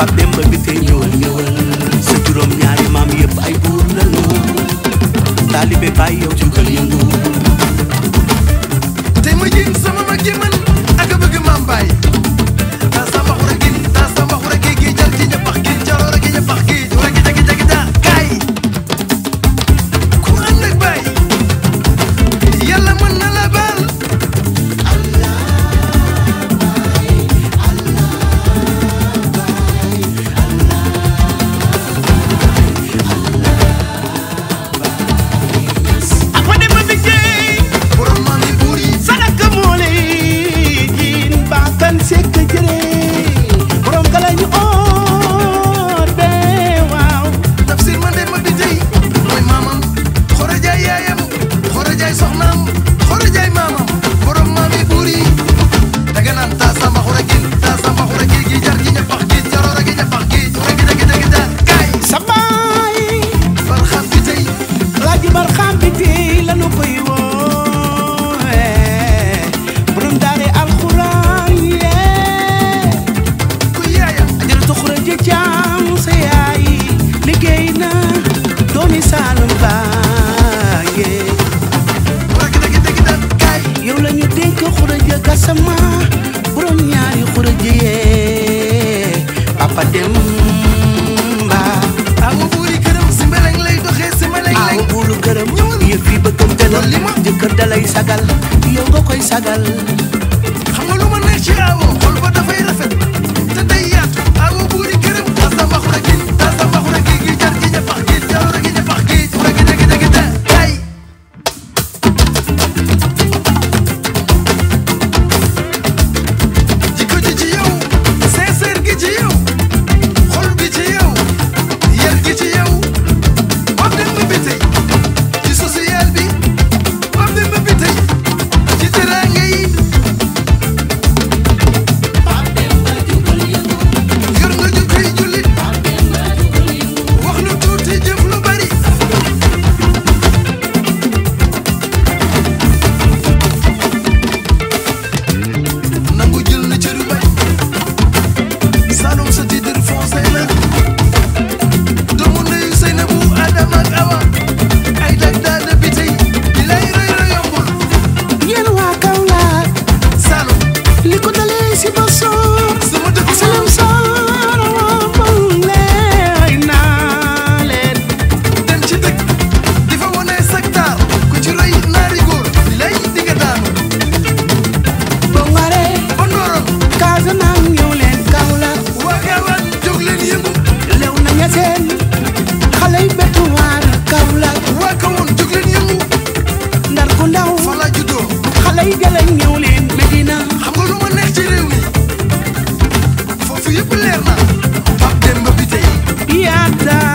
Pape Demba bi fee ñëwal ñëwal sa ñaari maam yëpp ay buur lañu taalibe bàyyi yow Gassama borom ñaari xura jiyee papa Demba amu buuri këram si mbaleng lay doxee si mbaleng lay amu buuru këram yëf yi bëggante la jëkkër da sagal yow nga koy sagal xam ma neex ci awo xol ba dafay rafet te day yaatu amu buuri këram Gassama xura yëpp leer na Pape Demba bi tey